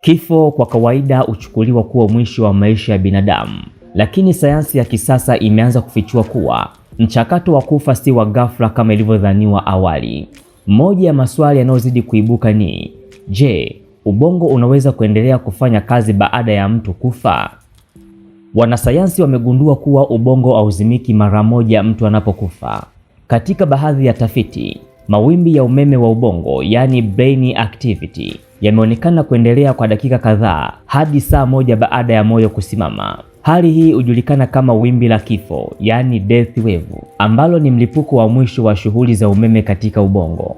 Kifo kwa kawaida huchukuliwa kuwa mwisho wa maisha ya binadamu, lakini sayansi ya kisasa imeanza kufichua kuwa mchakato wa kufa si wa ghafla kama ilivyodhaniwa awali. Moja ya maswali yanayozidi kuibuka ni je, ubongo unaweza kuendelea kufanya kazi baada ya mtu kufa? Wanasayansi wamegundua kuwa ubongo hauzimiki mara moja mtu anapokufa. Katika baadhi ya tafiti, Mawimbi ya umeme wa ubongo yaani brain activity yameonekana kuendelea kwa dakika kadhaa hadi saa moja baada ya moyo kusimama. Hali hii hujulikana kama wimbi la kifo yaani death wave, ambalo ni mlipuko wa mwisho wa shughuli za umeme katika ubongo.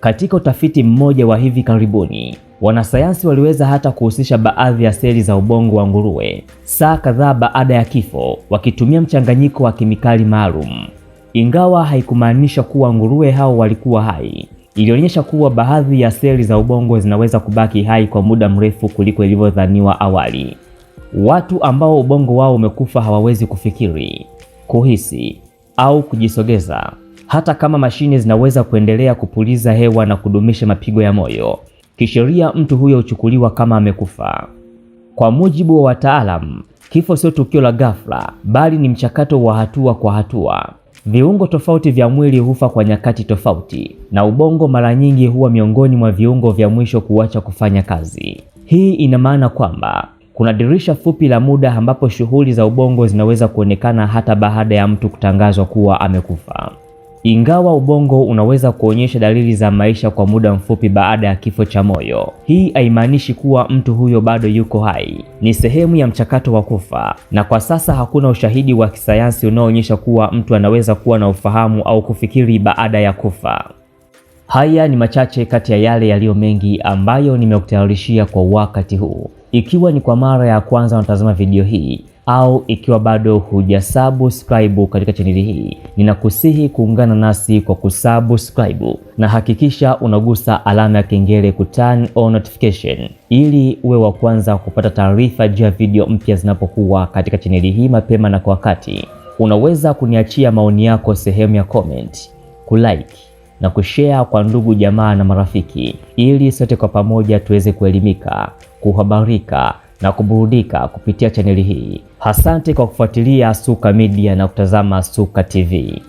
Katika utafiti mmoja wa hivi karibuni, wanasayansi waliweza hata kuhusisha baadhi ya seli za ubongo wa nguruwe saa kadhaa baada ya kifo, wakitumia mchanganyiko wa kemikali maalum. Ingawa haikumaanisha kuwa nguruwe hao walikuwa hai, ilionyesha kuwa baadhi ya seli za ubongo zinaweza kubaki hai kwa muda mrefu kuliko ilivyodhaniwa awali. Watu ambao ubongo wao umekufa hawawezi kufikiri, kuhisi au kujisogeza, hata kama mashine zinaweza kuendelea kupuliza hewa na kudumisha mapigo ya moyo. Kisheria, mtu huyo huchukuliwa kama amekufa. Kwa mujibu wa wataalamu, kifo sio tukio la ghafla, bali ni mchakato wa hatua kwa hatua. Viungo tofauti vya mwili hufa kwa nyakati tofauti na ubongo mara nyingi huwa miongoni mwa viungo vya mwisho kuacha kufanya kazi. Hii ina maana kwamba kuna dirisha fupi la muda ambapo shughuli za ubongo zinaweza kuonekana hata baada ya mtu kutangazwa kuwa amekufa ingawa ubongo unaweza kuonyesha dalili za maisha kwa muda mfupi baada ya kifo cha moyo, hii haimaanishi kuwa mtu huyo bado yuko hai. Ni sehemu ya mchakato wa kufa, na kwa sasa hakuna ushahidi wa kisayansi unaoonyesha kuwa mtu anaweza kuwa na ufahamu au kufikiri baada ya kufa. Haya ni machache kati ya yale yaliyo mengi ambayo nimekutayarishia kwa wakati huu. Ikiwa ni kwa mara ya kwanza unatazama video hii au ikiwa bado hujasubscribe katika chaneli hii, ninakusihi kuungana nasi kwa kusubscribe na hakikisha unagusa alama ya kengele ku turn on notification ili uwe wa kwanza kupata taarifa juu ya video mpya zinapokuwa katika chaneli hii mapema na kwa wakati. Unaweza kuniachia maoni yako sehemu ya comment, kulike na kushare kwa ndugu jamaa na marafiki, ili sote kwa pamoja tuweze kuelimika, kuhabarika na kuburudika kupitia chaneli hii. Asante kwa kufuatilia Suka Media na kutazama Suka TV.